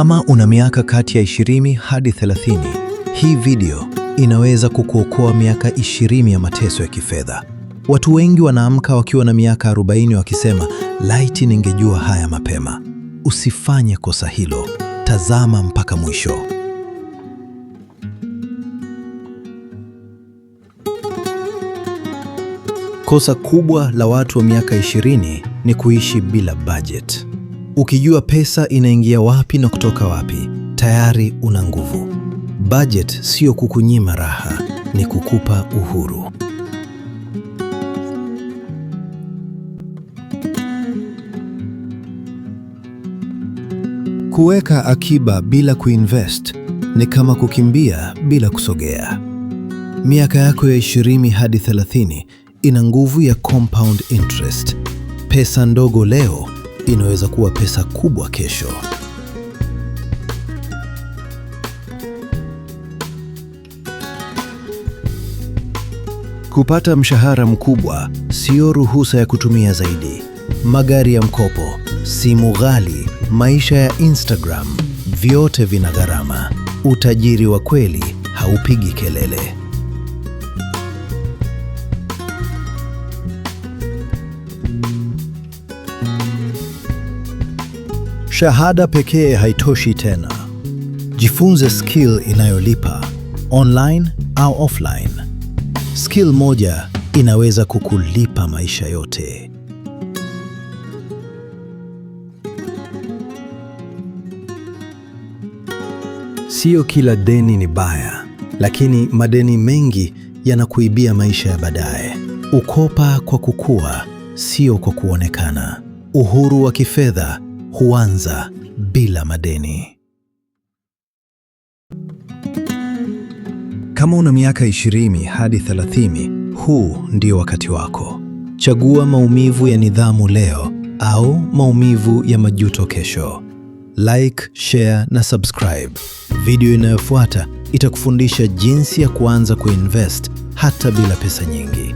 Kama una miaka kati ya 20 hadi 30, hii video inaweza kukuokoa miaka 20 ya mateso ya kifedha. Watu wengi wanaamka wakiwa na miaka 40 wakisema, laiti ningejua haya mapema. Usifanye kosa hilo, tazama mpaka mwisho. Kosa kubwa la watu wa miaka 20 ni kuishi bila budget. Ukijua pesa inaingia wapi na kutoka wapi, tayari una nguvu. Budget sio kukunyima raha, ni kukupa uhuru. Kuweka akiba bila kuinvest ni kama kukimbia bila kusogea. Miaka yako ya 20 hadi 30 ina nguvu ya compound interest. Pesa ndogo leo inaweza kuwa pesa kubwa kesho. Kupata mshahara mkubwa sio ruhusa ya kutumia zaidi. Magari ya mkopo, simu ghali, maisha ya Instagram, vyote vina gharama. Utajiri wa kweli haupigi kelele. Shahada pekee haitoshi tena. Jifunze skill inayolipa online au offline. Skill moja inaweza kukulipa maisha yote. Sio kila deni ni baya, lakini madeni mengi yanakuibia maisha ya baadaye. Ukopa kwa kukua, sio kwa kuonekana. Uhuru wa kifedha huanza bila madeni. Kama una miaka 20 hadi 30, huu ndio wakati wako. Chagua maumivu ya nidhamu leo au maumivu ya majuto kesho. Like, share na subscribe. Video inayofuata itakufundisha jinsi ya kuanza kuinvest hata bila pesa nyingi.